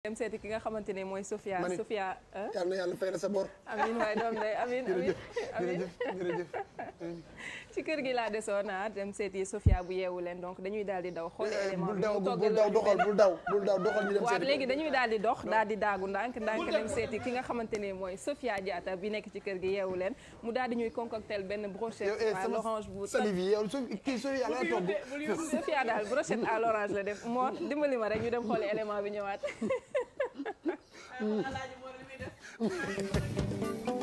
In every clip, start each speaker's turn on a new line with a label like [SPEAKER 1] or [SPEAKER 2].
[SPEAKER 1] dem seeti ki nga xamante ne mooy Sofia Sofia yal na sa bor gi laa desoon ah dem seeti Sofia bu yeewu leen donc dañuy daal di daw xool eh,
[SPEAKER 2] élément bul daw bul daw doxal bul daw bul daw doxal ñu
[SPEAKER 1] dañuy daal di dox daal di daagu ndànk ndànk dem seeti ki nga xamante ne mooy Sofia bi nekk ci kër gi yeewu leen mu daal di ñuy concoctel benn brochette à eh, l'orange bu Sofia
[SPEAKER 2] daal brochette à l'orange la def moo dimbali
[SPEAKER 1] ma rek ñu dem xool élément bi ñëwaat
[SPEAKER 2] Mm. alaaji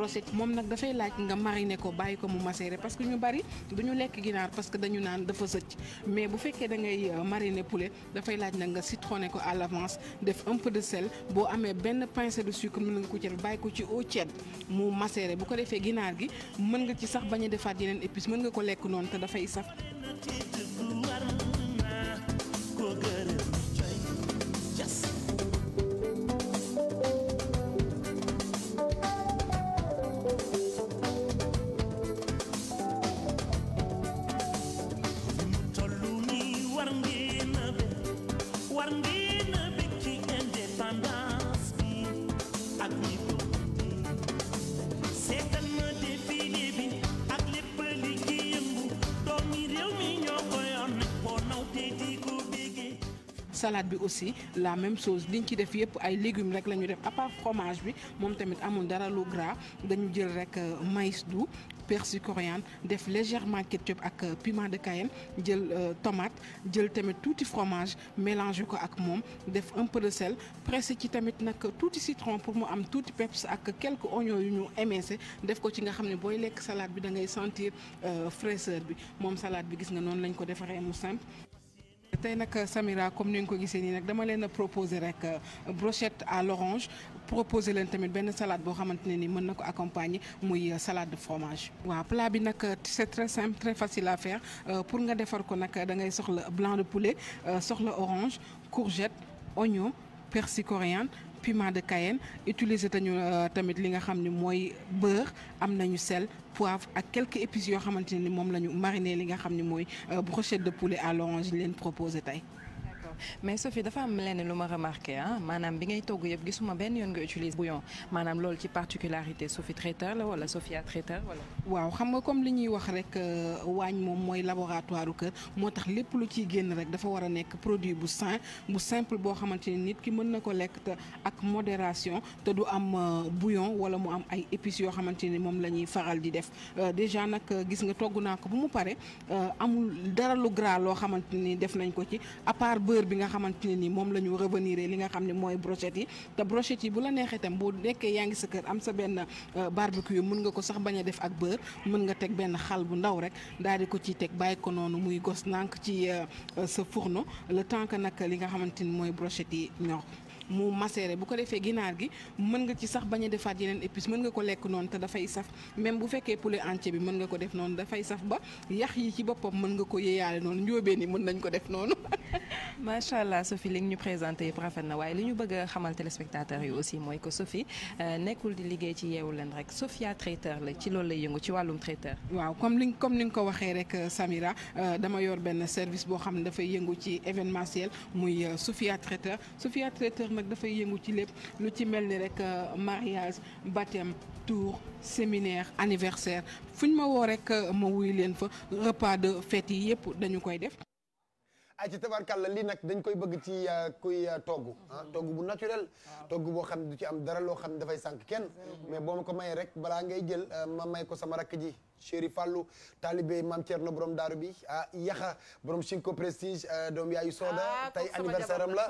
[SPEAKER 3] brossé moom nag dafay laaj nga mariné ko bàyyi ko mu macéré parce que ñu bari du ñu lekk ginaar parce que dañu naan dafa sëcc mais bu fekkee da ngay euh, mariner poulet dafay laaj nag nga citronné ko à l'avance def un peu de sel boo amee benn pincée de sucre mën nga ko ci def bàyyi ko ci eau tiède mu macéré bu ko defee ginaar gi mën nga ci sax bañ a defaat yeneen épices mën nga ko lekk noonu te dafay saf. salaat bi aussi la même chose liñ ci def yëpp ay légumes rek la ñu def à part fromage bi moom tamit amul dara lu gras dañu jël rek euh, maïs du persil coriandre def légèrement ketchup ak euh, piment de Cayenne jël euh, tomate jël tamit tuuti fromage mélangé ko ak moom def un peu de ci tamit nag tuuti citron pour mu am tuuti peps ak quelque oignons yu ñu émincé def ko ci nga xam ne booy lekk salaat bi da ngay sentir fraîcheur bi moom salade bi gis nga noonu lañ ko defaree mu simple tey nag Samira comme ni nga ko gisee nii nag dama leen a proposé rek euh, brochette à l'orange proposé leen tamit benn salade boo xamante ne ni mën na ko accompagner muy euh, salaad de fromage. waaw plat bi nag euh, c'est très simple très facile à faire pour nga defar ko nag da ngay soxla blanc de poulet soxla orange courgette oignon persil coriandre. piment de Cayenne utiliser tañu euh, tamit li nga xam ne mooy beurre am nañu sel poivre ak quelque épices yoo xamante ne ni moom la ñu mariner li nga xam ni mooy euh, brochette de poulet à l'orange leen proposé tey
[SPEAKER 1] mais Sophie dafa am lenn lu ma remarqué ah, maanaam bi ngay togg yëpp gisuma benn yoon nga utilise bouillon maanaam loolu ci particularité Sophie traiteur la wala Sophia traiteur wala.
[SPEAKER 3] waaw xam nga comme li ñuy wax rek euh, waañ moom mooy laboratoire kër moo tax lépp lu ciy génn rek dafa war a nekk produit bu sain bu simple boo xamante ni nit ki mën na ko lekk te ak modération te du am euh, bouillon wala mu am ay épices yoo xamante ni moom la ñuy faral di def euh, déjà nag gis nga togg naa ko bu mu pare amul dara lu gras loo xamante def nañ ko ci bi nga xamante ne nii moom la ñu revenir li nga xam ne mooy brochette yi te brochette yi bu la neexee tam boo nekkee yaa ngi sa kër am sa benn euh, barbecue mën nga ko sax bañ a def ak beurre mën nga teg benn xal bu ndaw rek daal di ko ciy teg bàyyi ko noonu muy gos nànk ci euh, sa fourneau le temps que nag li nga xamante ni mooy brochette yi ñor mu macéré bu ko defee ginaar gi mën nga ci sax bañ a defaat yeneen épices mën nga ko lekk noonu te dafay saf même bu fekkee poulet entier bi mën nga ko def noonu dafay saf ba yax yi ci boppam mën nga ko yéeyaale noonu njóobeen yi mën nañ ko def noonu
[SPEAKER 1] macha allah Sophie li ñu présenté yëpp rafet na waaye li ñu bëgg a xamal téléspectateurs yi aussi mooy que Sophie euh, nekkul di liggéey ci yeewu leen rek Sophia traiteur la ci loolu lay yëngu ci wàllum traiteur.
[SPEAKER 3] waaw comme ni comme ni ko waxee rek euh, Samira euh, dama yor benn service boo xam ne dafay yëngu ci événement événementiel muy Sophia traiteur Sophia traiteur nag dafay yëngu ci lépp lu ci mel ni rek mariage baptême tour séminaire anniversaire fu ñu ma woo rek ma wuy leen fa repas de yi yëpp dañu koy def.
[SPEAKER 2] ay ci tabarkàlla lii nag dañ koy bëgg ci euh, koy euh, togg ah togg bu naturel togg boo xam ne du ci am dara loo xam ne dafay sànq kenn mais boo ma ko mayee rek balaa ngay jël euh, ma may ko sama rakk ji chéri Fallou taalibe maam Thierno borom daaru bi ah yaxa borom Cinco Prestige doom yaayu Soda ah, tey anniversaire am la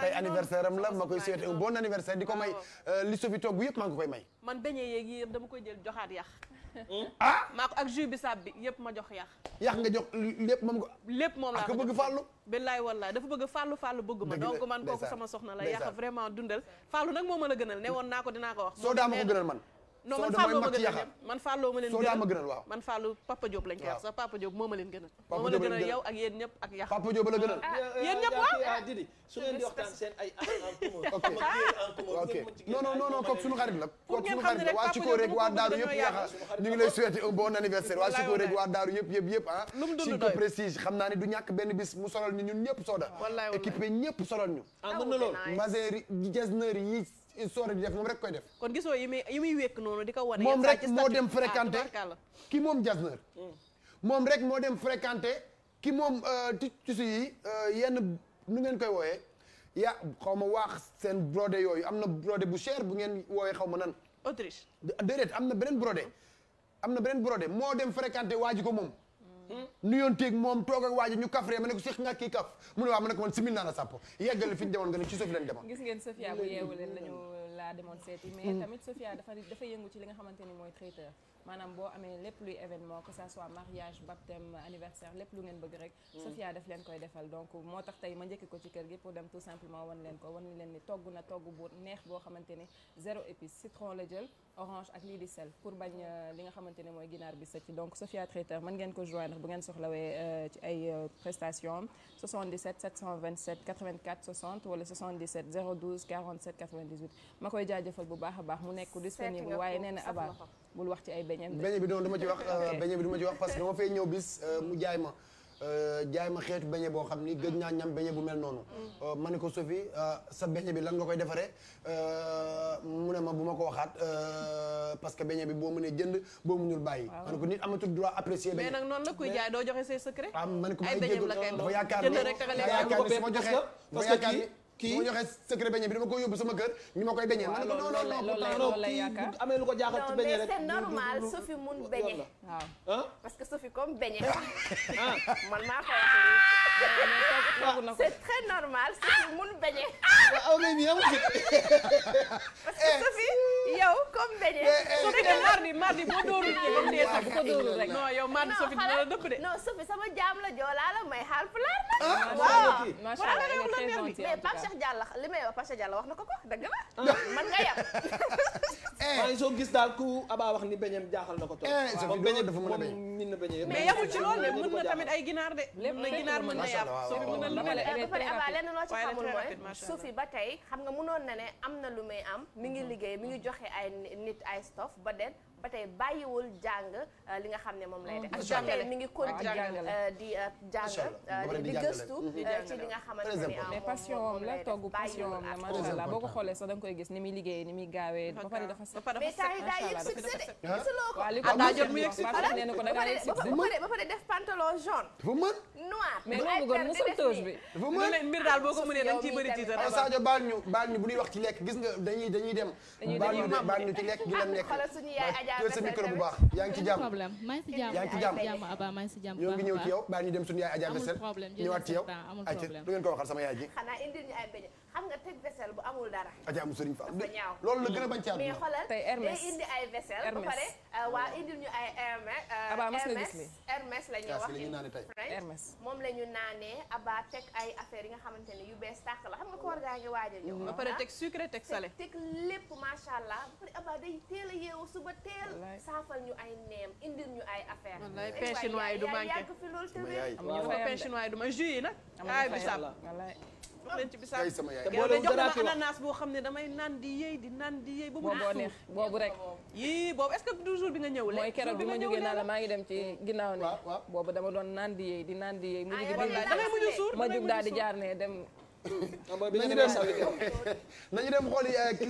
[SPEAKER 2] tey anniversaire am la ma koy souhaité un bon anniversaire di ko may li su fi togg yëpp maa ngi ko koy may
[SPEAKER 3] man beñee yeeg yi dama koy jël joxaat yax ah maa ko ak bi saab bi yëpp ma jox yàq
[SPEAKER 2] yax nga jox lépp moom ko lépp moom laa ah, ko bëgg fàllu
[SPEAKER 3] billaay wallaay dafa bëgg fàllu fàllu bëgg ma donc man kooku sama soxna la yàq vraiment dundal fàllu nag moo ma la gënal ne woon naa ko dinaa ko wax soo daa ma ko gënal man non man fàlloo ma gënal man fàlloo ma leen gënal waaw man fàllu Papa Diop lañ koy wax sax Papa Diop moo ma ma la gënal yow ak yéen ñëpp ak yax Papa Diop la gënal ah,
[SPEAKER 2] yéen ñëpp waaw ah? ah, didi su ngeen di xarit la kooku suñu xarit la waa Siko rek rek waa Daaru yëpp yëpp yëpp ah Siko prestige xam naa ne du ñu ñun ñëpp sooda équipe na loolu histoire di def moom rek koy def. kon gisoo yi muy yi muy wékk noonu di
[SPEAKER 3] ko wane. moom rek moo dem fréquenté
[SPEAKER 2] ah, ki moom jasner hmm. moom rek moo dem fréquenté ki moom ci euh, tissu yi euh, yenn nu ngeen koy wooyee ya xaw ma waax seen brodé yooyu am na brodé bu cher bu ngeen wooyee xaw ma nan. Autriche. déedéet am na beneen brodé. am na beneen brodé moo dem fréquenté waa ji ko moom. nuyonteeg moom toog ak waa ñu kaf ree ma ne ko seex nga kii kaf mu ne waa ma ne ko man simil naa la sàpp yeggali fi ñu demoon nga ne ci Sophie
[SPEAKER 1] bu yeewu leen lañu laa demoon seeti mais mm. tamit Sophia dafa dafa yëngu ci li nga xamante ni mooy traiteur maanaam boo amee lépp luy événement que ça soit mariage baptême anniversaire lépp lu ngeen bëgg rek mm. Sofia def leen koy defal donc moo tax tey ma njëkki ko ci kër gi pour dem tout simplement wan leen ko wan leen ni togg na togg bu neex boo xamante ni zéro épice citron la jël orange ak lii di sel pour bañ euh, li nga xamante ne mooy ginaar bi ci donc Sofia traiteur mën ngeen ko joindre bu ngeen soxlawee euh, ci ay prestation 77 727 84 60 wala 77 012 47 98 baax a baax mu nekk disponible waaye nee na abaa bul wax ci ay beñeem beñe bi noonu dama ci wax beñe bi dama ci
[SPEAKER 2] wax parce que dama fay euh, mu jaay ma euh, jaay ma xeetu beñe boo xam ni gëj naa ñam beñe bu mel noonu mm. euh, ma ne ko Sophie sa beñe bi lan nga koy defaree mu ne ma bu ma ko waxaat parce que beñe bi boo mënee jënd boo mënul bàyyi oh. ma ne ko nit amatul droit apprécier beñe mais nag la kuy jaay doo joxe say secret ah ma ne ko ma dafa yaakaar ni dafa yaakaar ni su ma joxee dafa yaakaar ni kii moo joxe secret beñe bi dama koy yóbbu sama kër ñu ma koy beñe man ko non non pourtant kii amee lu ko jaaxal ci beñe rek c'est normal Sophie mun beñe
[SPEAKER 1] waaw parce que Sophie comme beñe ah. man maa ko wax c'est très normal Sophie mun beñe ah, waaw mais bien parce que eh, yow comme beñe. Eh, su eh, fekkee eh. mardi bu ko doonul la dëpp de. sama jaam la joolaa la may xaal pulaar la. Ah, waaw macha allah yow la mère bi mais Pape Cheikh Diallo li may wax Pape Cheikh Diallo wax na ko ko dëgg ah. man nga
[SPEAKER 2] Eh. maa soo gis daal ku Aba wax ni beñeem jaaxal na ko toog. Eh, moom beñe na beñe mais ci loolu de tamit
[SPEAKER 1] ay ginaar de. lépp mën na ginaar mën na yàpp. ba pare Aba lenn loo ci xamul mooy Sophie ba tey xam nga mënoon na ne am na lu muy am mi ngi mhm. liggéey mi ngi joxe ay nit ay stoff ba den ba tey bàyyiwul jàng euh, li nga xam ne moom lay def. ak ba tey mi ngi continuer euh, di euh, jàng di gëstu ci li nga xamante ne mais passion am la togg passion boo ko xoolee sax da koy gis ni muy liggéeyee ni muy gaawee ba pare dafa set mais taa yi daa yëg succès de ah. gisuloo ko. waaw li ko ah, jot mu yëg succès nee na ko da nga yëg ba pare def pantalon jaune. dafa mën. noir
[SPEAKER 2] bu ñuy wax ci lekk gis nga dañuy dañuy dem. dañuy dem baal sa micro bu baax.
[SPEAKER 1] teg vaisselle bu amul dara. Adja
[SPEAKER 2] Amu Serigne loolu la a bañ ci àdduna. mais xoolal day indi
[SPEAKER 1] ba pare euh, waa indil koy wax Hermès moom la ñu naanee aba teg ay affaires yi nga xamante ne yu bees tàq la xam nga koor gaa ngi waaj a ñëw ba pare ah. teg sucré teg salé teg lépp macha allah ba pare aba day teel a yeewu suba teel saafal ñu ay neem indil ñu ay affaire wallaay pain du manqué yàgg yi nag ay bisab wax boobu rek yii bi nga ñëw mooy keroog bi ma jógee naa la maa ngi dem ci ginnaaw ne boobu dama doon naan di yëy di naan di yëy mujj gi damay mujj suur ma jóg daal di jaar ne dem
[SPEAKER 2] nañu dem xool yi euh,